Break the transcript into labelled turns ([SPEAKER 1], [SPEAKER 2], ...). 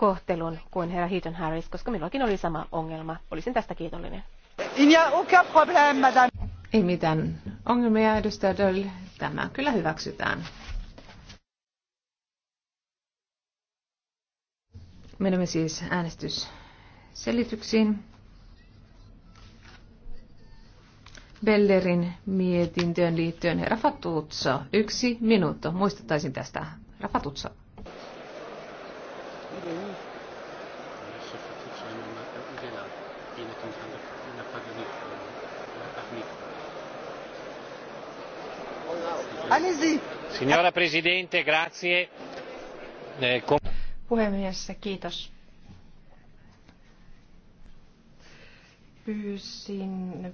[SPEAKER 1] kohtelun kuin herra Heaton Harris, koska minullakin oli sama ongelma. Olisin tästä kiitollinen.
[SPEAKER 2] Ei mitään ongelmia, edustaja Döll. Tämä kyllä
[SPEAKER 1] hyväksytään. Menemme siis äänestysselityksiin. Bellerin mietintöön liittyen herra Fatuzzo. Yksi minuutto. Muistuttaisin tästä. Herra Fatuzzo.
[SPEAKER 3] Unii. Jeśli faktycznie ona ma, udziela pieniądzom napadników.
[SPEAKER 4] Signora Presidente, grazie. Eh,
[SPEAKER 2] Puhemies, kiitos. Pyysin